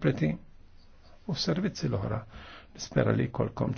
preti u servizzi l ohra Nispera li kolkom